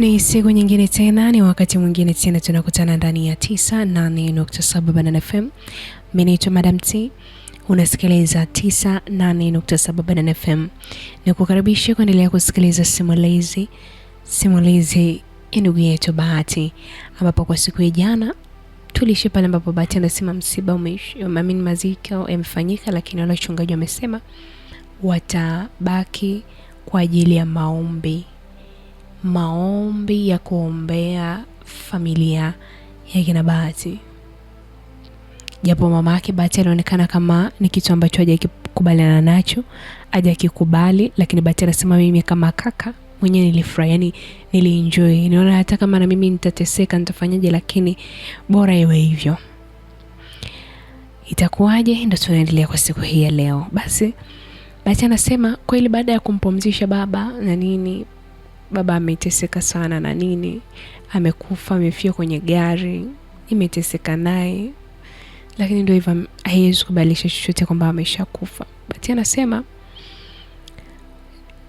Ni siku nyingine tena, ni wakati mwingine tena tunakutana ndani ya 98.7 Banana FM. Mimi naitwa Madam T unasikiliza 98.7 FM. Ni kukaribisha kuendelea kusikiliza simulizi simulizi ya ndugu yetu Bahati, ambapo kwa siku ya jana tuliishia pale ambapo Bahati anasema msiba umeamini, maziko yamefanyika, lakini wale wachungaji wamesema watabaki kwa ajili ya maombi, maombi ya kuombea familia ya kina Bahati japo mama yake Bahati anaonekana kama ni kitu ambacho hajakikubaliana nacho, hajakikubali, lakini Bahati anasema mimi kama kaka mwenyewe nilifurahi, yani nilienjoy, niona hata kama na mimi nitateseka nitafanyaje, lakini bora iwe hivyo. Itakuwaje? Ndo tunaendelea kwa siku hii ya leo. Basi Bahati anasema kweli, baada ya kumpumzisha baba na nini, baba ameteseka sana na nini, amekufa amefia kwenye gari, imeteseka naye lakini ndio hivyo, haiwezi kubadilisha chochote kwamba ameshakufa. Bahati anasema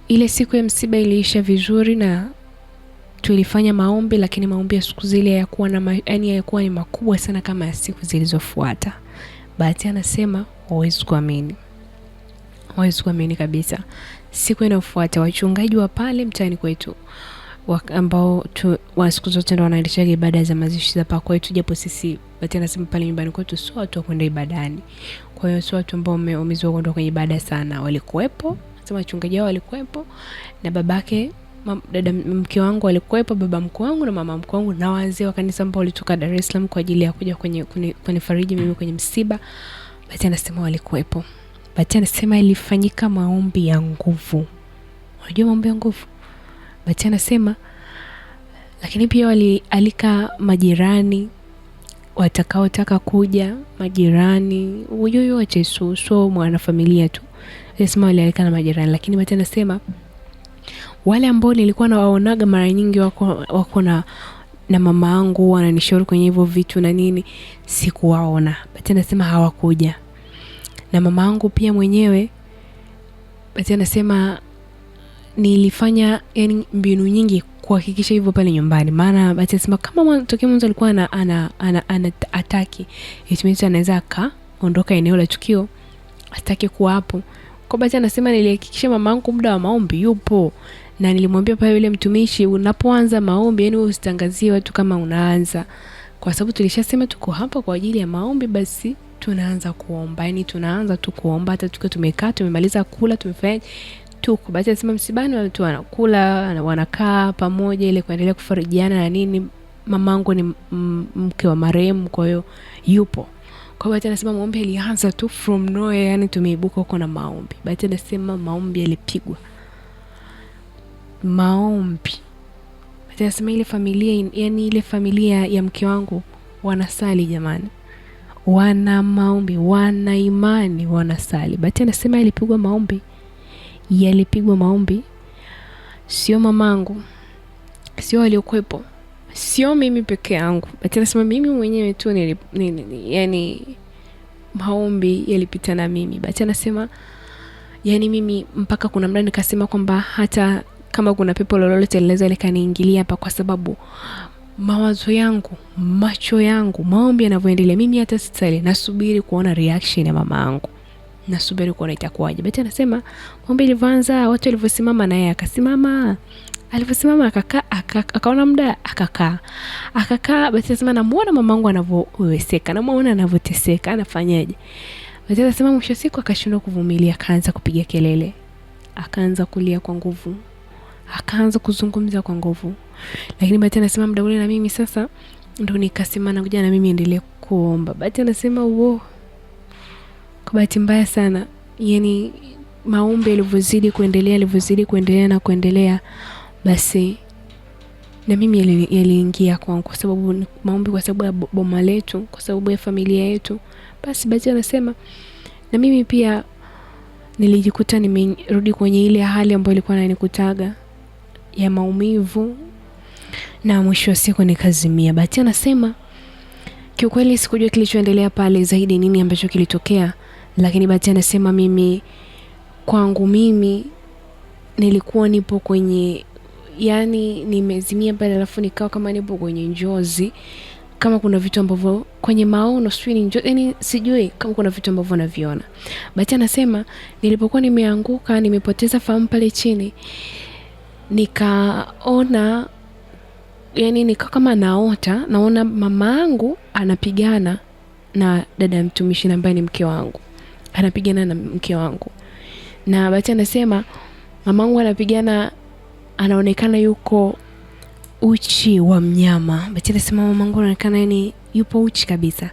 ile siku ya msiba iliisha vizuri na tulifanya maombi, lakini maombi ya siku zile hayakuwa na yaani, hayakuwa ni makubwa sana kama ya siku zilizofuata. Bahati anasema hawezi kuamini, hawezi kuamini kabisa. Siku inayofuata wachungaji wa pale mtaani kwetu ambao wa siku zote ndo wanaendeshaga ibada za mazishi za paa kwetu, japo sisi Bahati anasema pale nyumbani kwetu sio watu wa kwenda ibadani. Kwa hiyo sio watu ambao wameumizwa kwenda kwenye ibada sana, walikuwepo sema wachungaji wao walikuwepo na babake dada mke wangu walikuwepo, baba mkuu wangu na mama mkuu wangu na wazee wa kanisa ambao walitoka Dar es Salaam kwa ajili ya kuja kwenye kwenye, fariji mimi kwenye msiba. Bahati anasema walikuwepo. Bahati anasema ilifanyika maombi ya nguvu. Unajua maombi ya nguvu Bahati anasema lakini pia walialika majirani watakaotaka kuja, majirani huyo wote, so mwanafamilia tu. Anasema walialika na majirani, lakini Bahati anasema wale ambao nilikuwa nawaonaga mara nyingi wako, wako na na mama yangu wananishauri kwenye hivyo vitu na nini, sikuwaona. Bahati anasema hawakuja, na mama yangu pia mwenyewe Bahati anasema nilifanya yani mbinu nyingi kuhakikisha hivyo pale nyumbani, maana Bahati anasema kama tokea mwanzo alikuwa ana, ana, ana, ana ataki it means anaweza akaondoka eneo la tukio atake kuwa hapo kwa basi anasema nilihakikisha mama yangu muda wa maombi yupo, na nilimwambia pale yule mtumishi, unapoanza maombi, yani wewe usitangazie watu kama unaanza, kwa sababu tulishasema tuko hapa kwa ajili ya maombi, basi tunaanza kuomba, yani tunaanza tu kuomba, hata tukiwa tumekaa tumemaliza kula tumefanya tuko basi, anasema msibani, watu wanakula wanakaa pamoja, ile kuendelea kufarijiana na nini. Mamangu ni mke wa marehemu, kwa hiyo yupo. Kwa hiyo anasema maombi alianza tu from nowhere, yani tumeibuka huko na maombi. bati anasema maombi yalipigwa maombi. Bahati anasema ile familia, yani ile familia ya mke wangu wanasali jamani, wana maombi, wana imani, wanasali. Bahati anasema yalipigwa maombi yalipigwa maombi, sio mamangu, sio waliokuwepo, sio mimi peke yangu, bali nasema mimi mwenyewe tu nili, nini, nini, yani maombi yalipita na mimi. Bati anasema yani mimi mpaka kuna mda nikasema kwamba hata kama kuna pepo lolote linaweza likaniingilia hapa, kwa sababu mawazo yangu, macho yangu, maombi yanavyoendelea, mimi hata sitali, nasubiri kuona reaction ya mama yangu nasubiri kuona itakuwaje. Beti anasema mwombe lilivyoanza watu walivyosimama, naye akasimama alivyosimama akakaa akaona muda akakaa akakaa. Basi anasema namuona mamangu anavyoweseka, namuona anavyoteseka, anafanyaje? Basi anasema mwisho siku akashindwa kuvumilia, akaanza kupiga kelele, akaanza kulia kwa nguvu, akaanza kuzungumza kwa nguvu. Lakini Bahati anasema muda ule na mimi sasa ndo nikasimama na kuja na mimi endelee kuomba. Bahati anasema wo kwa bahati mbaya sana, yani maombi yalivyozidi kuendelea yalivyozidi kuendelea na kuendelea, basi na mimi yaliingia kwangu, kwa sababu maombi, kwa sababu ya boma letu, kwa sababu ya familia yetu, basi basi anasema na mimi pia nilijikuta nimerudi kwenye ile hali ambayo ilikuwa nanikutaga ya maumivu, na mwisho wa siku nikazimia. Bahati anasema kiukweli sikujua kilichoendelea pale zaidi, nini ambacho kilitokea. Lakini Bahati anasema mimi, kwangu mimi nilikuwa nipo kwenye yani, nimezimia pale, alafu nikawa kama nipo kwenye njozi, kama kuna vitu ambavyo kwenye maono sijui ni njozi, yani sijui kama kuna vitu ambavyo naviona. Bahati anasema nilipokuwa nimeanguka, nimepoteza fahamu pale chini, nikaona yani nikawa kama naota, naona mama angu anapigana na dada ya mtumishi ambaye ni mke wangu anapigana na mke wangu, na Bahati anasema mamangu anapigana, anaonekana yuko uchi wa mnyama. Bahati anasema mamangu anaonekana yani yupo uchi kabisa,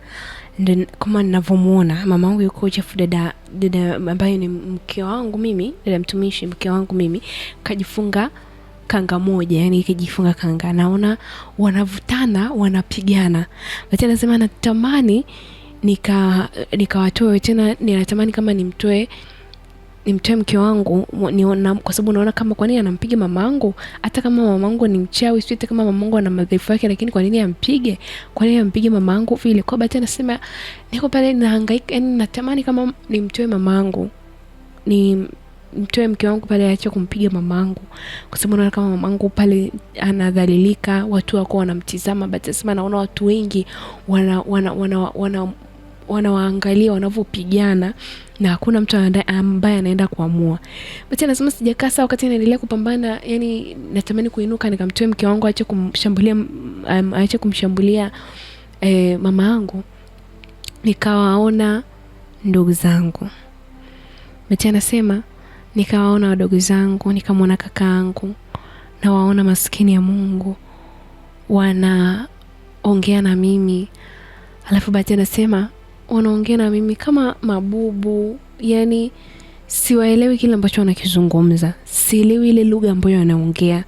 Then, kama ninavyomuona mamangu yuko uchi, afu dada dada ambaye ni mke wangu mimi, dada mtumishi mke wangu mimi kajifunga kanga moja, yani ikijifunga kanga, naona wanavutana wanapigana. bati anasema anatamani nika nikawatoe tena, ninatamani kama nimtoe nimtoe mke wangu niona, kwa sababu naona kama kwa nini anampiga mamangu, hata kama mamangu ni mchawi, sio hata kama mamangu ana madhaifu yake, lakini kwa nini ampige? Kwa nini ampige mamangu vile? Kwa bahati nasema niko pale nahangaika, yani natamani kama nimtoe mamangu, ni mtoe mke wangu pale, aache kumpiga mamangu, kwa sababu naona kama mamangu pale anadhalilika, watu wako wanamtizama. Bahati nasema naona watu wengi wana wana wana, wana, wana wanawaangalia wanavyopigana na hakuna mtu ambaye anaenda kuamua. bati anasema sijakaa sawa, wakati naendelea kupambana, yani natamani kuinuka nikamtoe mke wangu aache kumshambulia, um, aache kumshambulia eh, mama yangu, nikawaona ndugu zangu. bati anasema nikawaona wadogo zangu, nikamwona kakaangu, nawaona maskini ya Mungu wanaongea na mimi, alafu bati anasema wanaongea na mimi kama mabubu, yani siwaelewi kile ambacho wanakizungumza, sielewi ile lugha ambayo wanaongea,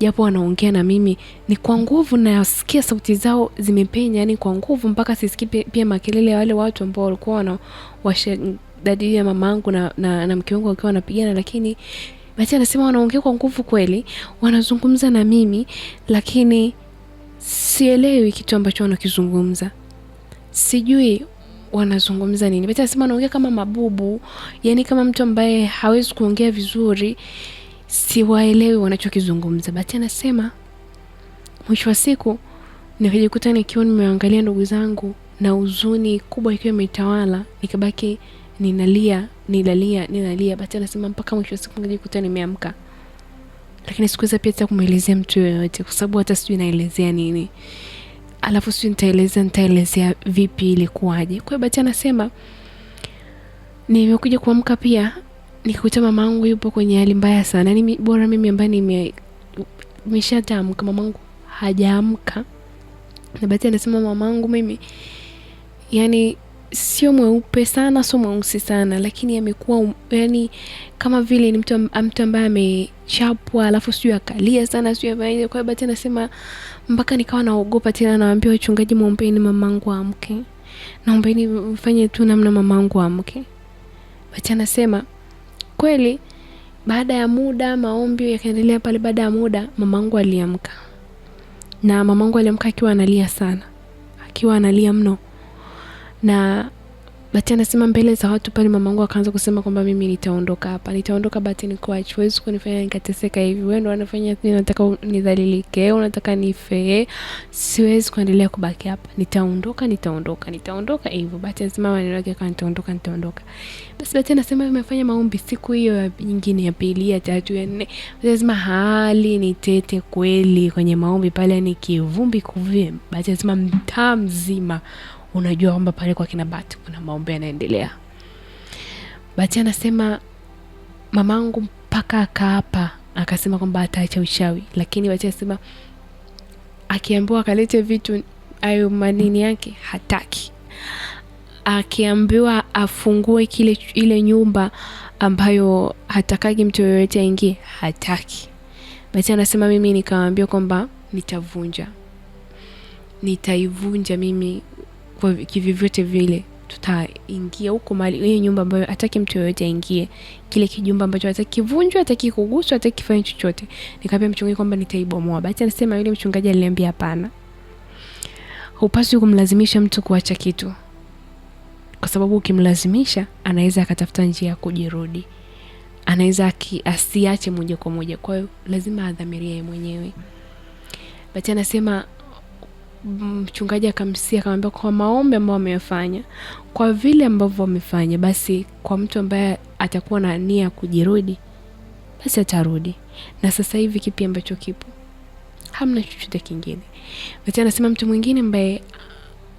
japo wanaongea na mimi ni kwa nguvu, nasikia sauti zao zimepenya, yani kwa nguvu, mpaka sisikii pia makelele ya wale watu ambao walikuwa wanawasha dadi ya mamangu na, na, na mke wangu wakiwa wanapigana, lakini Bahati anasema wanaongea kwa nguvu kweli, wanazungumza na mimi lakini sielewi kitu ambacho wanakizungumza, sijui wanazungumza nini. Beti anasema anaongea kama mabubu, yani kama mtu ambaye hawezi kuongea vizuri, siwaelewi wanachokizungumza. bati anasema mwisho wa siku nikajikuta nikiwa nimeangalia ndugu zangu na huzuni kubwa ikiwa imetawala, nikabaki ninalia nilalia ninalia. bati anasema mpaka mwisho wa siku nikajikuta nimeamka, lakini sikuweza pia hata kumwelezea mtu yoyote, kwa sababu hata sijui naelezea nini alafu si nitaeleza nitaelezea vipi ilikuwaje. Kwa hiyo Bahati anasema nimekuja kuamka pia nikakuta mamangu yupo kwenye hali mbaya sana, yaani bora mimi ambaye nimeshatamka mamangu hajaamka. Na bati anasema mamangu mimi yani sio mweupe sana, sio mweusi sana, lakini amekuwa um, yani kama vile ni mtu ambaye amechapwa, alafu sijui akalia sana, sijui afanye. Kwa hiyo anasema mpaka nikawa naogopa tena, nawaambia wachungaji, mwombeni mamangu amke, naombeni mfanye tu namna mamangu amke. Bahati anasema kweli, baada ya muda maombi yakaendelea pale. Baada ya muda mamangu aliamka, na mamangu aliamka akiwa analia sana, akiwa analia mno na bati anasema mbele za watu pale, mamangu akaanza kusema kwamba mimi nitaondoka hapa, nitaondoka Bahati, nikuache, huwezi kunifanya nikateseka hivi. Wewe ndo unafanya, nataka nidhalilike, unataka nife, siwezi kuendelea kubaki hapa, nitaondoka, nitaondoka, nitaondoka hivyo. bati anasema maneno yake kwa nitaondoka, nitaondoka. Basi bati anasema nimefanya maombi siku hiyo ya nyingine, ya pili, ya tatu, ya nne. anasema hali ni tete kweli kwenye maombi pale, ni kivumbi kuvie. bati anasema mtaa mzima unajua kwamba pale kwa kina bati kuna maombi yanaendelea. bati anasema mamangu mpaka akaapa akasema kwamba ataacha uchawi, lakini bati anasema akiambiwa akalete vitu ayo manini yake hataki, akiambiwa afungue kile ile nyumba ambayo hatakagi mtu yoyote aingie hataki. bati anasema mimi nikamwambia kwamba nitavunja, nitaivunja mimi kwa kivyovyote vile tutaingia huko mali hiyo nyumba ambayo hataki mtu yoyote aingie, kile kijumba ambacho hataki kivunjwe, hataki kuguswa, hataki kifanye chochote. nikaambia mchungaji kwamba nitaibomoa. basi anasema yule mchungaji aliniambia hapana, hupaswi kumlazimisha mtu kuacha kitu, kwa sababu ukimlazimisha anaweza akatafuta njia ya kujirudi, anaweza asiache moja kwa moja. Kwa hiyo lazima adhamiria adhamirie mwenyewe. Bahati anasema mchungaji akamsia akamwambia, kwa maombi ambayo wamefanya, kwa vile ambavyo wamefanya, basi kwa mtu ambaye atakuwa na nia ya kujirudi, basi atarudi. Na sasa hivi kipi ambacho kipo? Hamna chochote kingine. Basi anasema mtu mwingine ambaye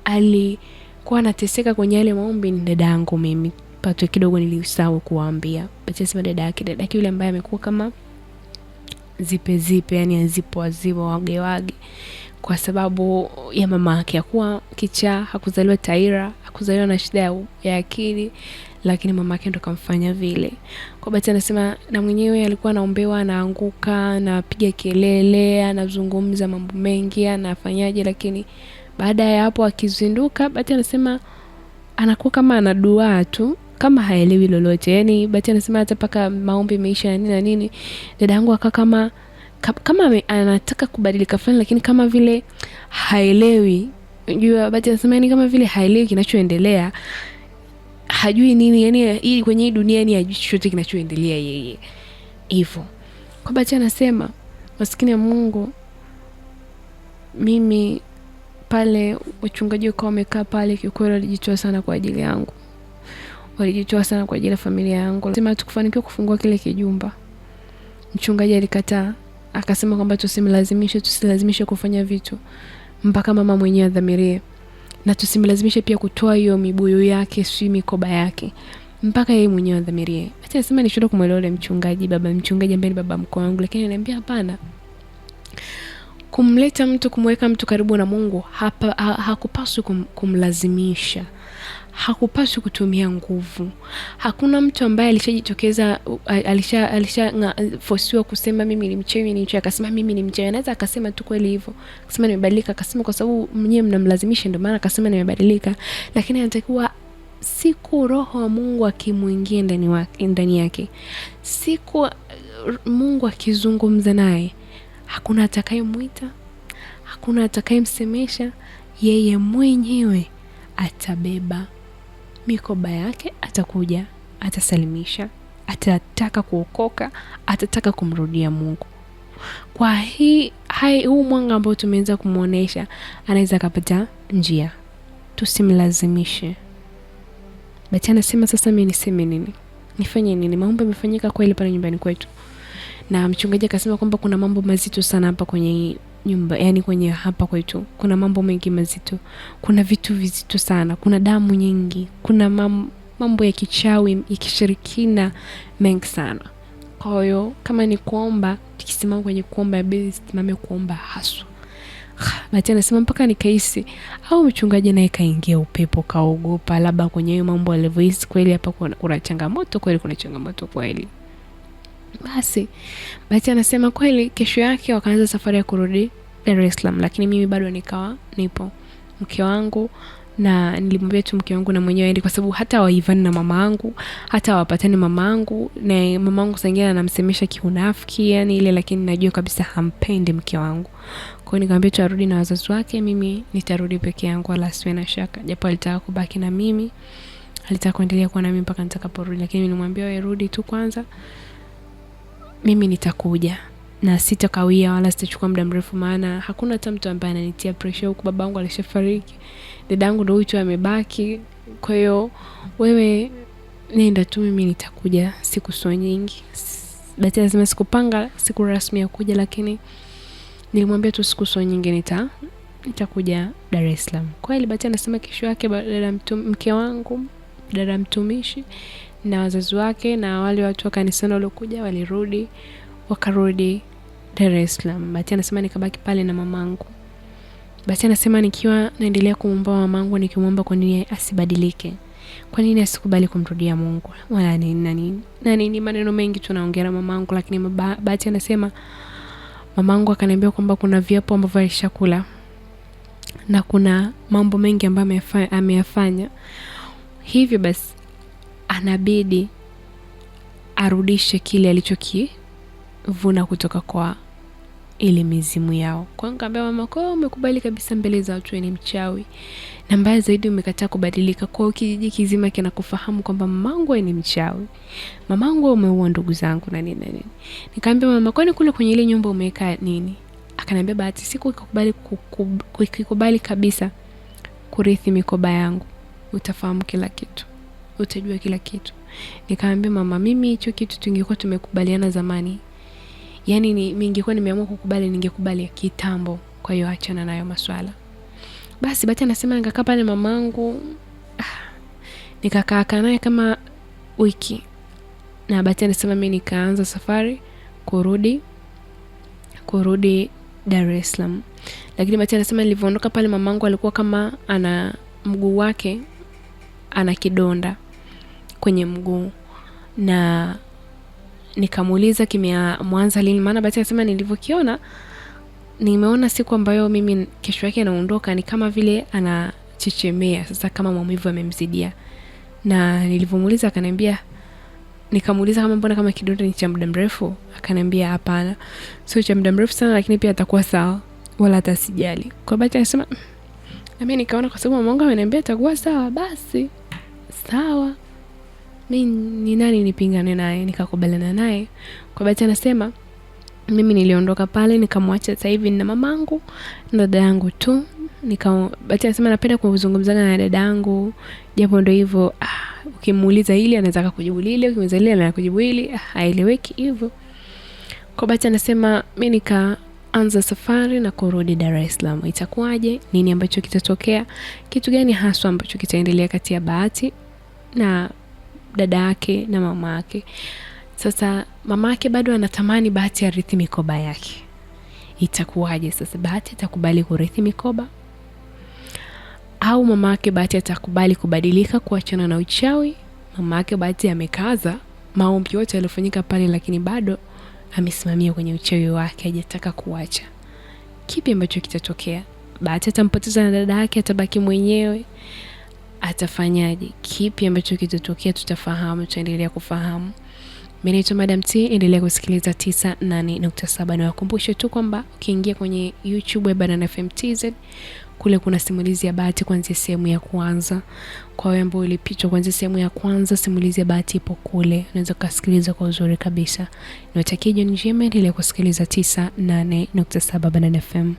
alikuwa anateseka kwenye yale maombi ni dada yangu mimi, patwe kidogo nilisau kuwaambia. Basi anasema dada yake, dada yake yule ambaye amekuwa kama zipe zipe, yani azipo azipo, wagewage wage kwa sababu ya mama yake. Hakuwa kichaa, hakuzaliwa taira, hakuzaliwa na shida ya akili, lakini mama yake ndo kamfanya vile. Kwa bahati anasema, na mwenyewe alikuwa anaombewa, anaanguka, anapiga kelele, anazungumza mambo mengi, anafanyaje, lakini baada ya hapo akizinduka, Bahati anasema anakuwa kama anaduaa tu kama haelewi lolote. Yani Bahati anasema hata paka maombi meisha nini na nini, dada yangu akaa kama kama anataka kubadilika fulani, lakini kama vile haelewi, unajua Bahati anasema yani kama vile haelewi kinachoendelea, hajui nini yani, hii kwenye hii dunia ni hajui chochote kinachoendelea yeye hivyo. Kwa Bahati anasema maskini ya Mungu, mimi pale wachungaji wakawa wamekaa pale, kiukweli walijitoa sana kwa ajili yangu, walijitoa sana kwa ajili ya familia yangu. Sema tukufanikiwa kufungua kile kijumba, mchungaji alikataa akasema kwamba tusimlazimishe, tusilazimishe kufanya vitu mpaka mama mwenyewe adhamirie, na tusimlazimishe pia kutoa hiyo mibuyu yake, si mikoba yake mpaka yeye mwenyewe adhamirie. Hata nasema nishinda kumwelewa ule mchungaji, baba mchungaji ambaye ni baba mkoo wangu, lakini ananiambia hapana, kumleta mtu, kumweka mtu karibu na Mungu hapa, ha, hakupaswi kum, kumlazimisha hakupaswi kutumia nguvu. Hakuna mtu ambaye alishajitokeza alisha alisha forsiwa kusema mimi ni mchawi ni mchawi, akasema mimi ni mchawi. Anaweza akasema tu kweli hivyo, akasema nimebadilika, akasema kwa sababu mwenyewe mnamlazimisha, ndio maana akasema nimebadilika, lakini anatakiwa siku Roho wa Mungu akimwingia ndani yake, siku Mungu akizungumza naye, hakuna atakayemwita, hakuna atakayemsemesha, yeye mwenyewe atabeba mikoba yake atakuja, atasalimisha, atataka kuokoka, atataka kumrudia Mungu. Kwa hii hai, huu mwanga ambao tumeweza kumwonyesha, anaweza akapata njia, tusimlazimishe. Bati anasema sasa, mimi niseme nini? Nifanye nini? Maombi yamefanyika kweli pale nyumbani kwetu, na mchungaji akasema kwamba kuna mambo mazito sana hapa kwenye nyumba, yani kwenye hapa kwetu kuna mambo mengi mazito, kuna vitu vizito sana, kuna damu nyingi, kuna mambo ya kichawi ya kishirikina mengi sana. Kwa hiyo kama ni kuomba, tukisimama kwenye kuomba, inabidi simame kuomba haswa. Bahati anasema mpaka nikahisi au mchungaji naye kaingia upepo, kaogopa labda kwenye hiyo mambo alivyohisi. Kweli hapa kuna changamoto, kweli kuna changamoto kweli. Basi Bahati anasema kweli, kesho yake wakaanza safari ya kurudi Dar es Salaam, lakini mimi bado nikawa nipo mke wangu na nilimwambia tu mke wangu na mwenyewe aende, kwa sababu hata waivani na mama angu hata wapatane mama angu na mama angu saingine anamsemesha kiunafiki yani ile, lakini najua kabisa hampendi mke wangu. Kwa hiyo nikamwambia tu arudi na wazazi wake, mimi nitarudi peke yangu, wala siwe na shaka, japo alitaka kubaki na mimi, alitaka kuendelea kuwa na mimi mpaka nitakaporudi, lakini nilimwambia wewe rudi tu kwanza mimi nitakuja na sitakawia wala sitachukua muda mrefu, maana hakuna hata mtu ambaye ananitia pressure huku. baba Babangu alishafariki, yangu ndo huyu amebaki. Kwa hiyo wewe nenda tu, mimi nitakuja, siku sio nyingi. Bahati lazima sikupanga siku rasmi ya kuja, lakini nilimwambia tu siku sio nyingi nita nitakuja Dar es Salaam. Kweli Bahati anasema kesho yake dada mke wangu dada mtumishi na wazazi wake na wale watu wa kanisani waliokuja walirudi, wakarudi Dar es Salaam. Bahati anasema nikabaki pale na mamangu. basi anasema nikiwa naendelea kumwomba mamangu, nikimwomba kwa nini asibadilike, kwa nini asikubali kumrudia Mungu wala nini na nini na nini, maneno mengi tunaongea na mamangu, lakini Bahati anasema mamangu akaniambia kwamba kuna viapo ambavyo alishakula na kuna mambo mengi ambayo ameyafanya. Hivyo basi anabidi arudishe kile alichokivuna kutoka kwa ile mizimu yao. Kwa hiyo nikamwambia mama, kwa hiyo umekubali kabisa mbele za watu ni mchawi, na mbaya zaidi umekataa kubadilika. Kwa hiyo kijiji kizima kinakufahamu kwamba mamangu ni mchawi, mamangu umeua ndugu zangu na nini na nini. Nikamwambia mama, kwa kwani kule kwenye ile nyumba umeweka nini? Akaniambia bahati siku ikakubali kukubali kabisa kurithi mikoba yangu utafahamu kila kitu utajua kila kitu. Nikamwambia mama, mimi hicho kitu tungekuwa tumekubaliana zamani, yaani ni ningekuwa nimeamua kukubali, ningekubali kitambo. Kwa hiyo achana nayo maswala. Basi bati anasema nikakaa pale mamangu, ah, nikakaa naye kama wiki, na bati anasema mimi nikaanza safari kurudi kurudi Dar es Salaam, lakini bati anasema nilivyoondoka pale mamangu alikuwa kama ana mguu wake ana kidonda kwenye mguu na nikamuuliza kimya mwanza lini, maana basi anasema nilivyokiona nimeona siku ambayo mimi kesho yake anaondoka, ni kama vile anachechemea sasa, kama maumivu yamemzidia. Na nilivyomuuliza akaniambia, nikamuuliza kama mbona kama kidonda ni cha muda mrefu, akaniambia hapana, sio cha muda mrefu sana, lakini pia atakuwa sawa, wala atasijali. Kwa Bahati anasema nami nikaona, kwa sababu mwanga ameniambia atakuwa sawa, basi sawa mi ni nani nipingane naye? Nikakubaliana naye kwa bahati, anasema mimi niliondoka pale nikamwacha, sasa hivi na mamangu na dada yangu tu. Nika bahati anasema napenda kuzungumzaga na dada yangu, japo ndio hivyo ah, ukimuuliza hili anaweza kukujibu lile, ukimuuliza lile anaweza kujibu hili, haeleweki ah, hivyo. Kwa bahati anasema mi nika anza safari na kurudi Dar es Salaam, itakuwaje? Nini ambacho kitatokea? Kitu gani haswa ambacho kitaendelea kati ya Bahati na dada yake na mama yake. Sasa mama yake bado anatamani Bahati arithi mikoba yake. Itakuwaje sasa? Bahati atakubali kurithi mikoba au mama yake Bahati atakubali kubadilika, kuachana na uchawi? Mama yake Bahati amekaza maombi yote yaliyofanyika pale, lakini bado amesimamia kwenye uchawi wake, hajataka kuacha. Kipi ambacho kitatokea? Bahati atampoteza na dada yake, atabaki mwenyewe? atafanyaje, kipi ambacho kitatokea, tutafahamu, tutaendelea kufahamu. Mi naitwa Madam T, endelea kusikiliza 98.7. Niwakumbushe tu kwamba ukiingia kwenye YouTube ya Banana FM TZ kule kuna simulizi ya bahati kuanzia sehemu ya kwanza. Kwa wewe ambao ulipichwa kuanzia sehemu ya kwanza, simulizi ya bahati ipo kule, unaweza kusikiliza kwa uzuri kabisa. Niwatakie jioni njema, endelea kusikiliza 98.7 Banana FM.